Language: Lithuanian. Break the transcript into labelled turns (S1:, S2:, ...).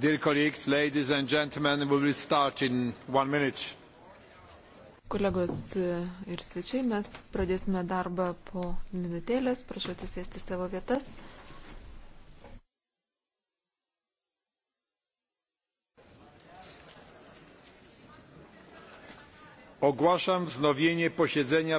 S1: Dear colleagues, ladies and gentlemen, we will start in one minute.
S2: Kolegos e, ir svečiai, mes pradėsime darbą po minutėlės. Prašau atsisėsti savo vietas.
S3: Ogłaszam wznowienie posiedzenia.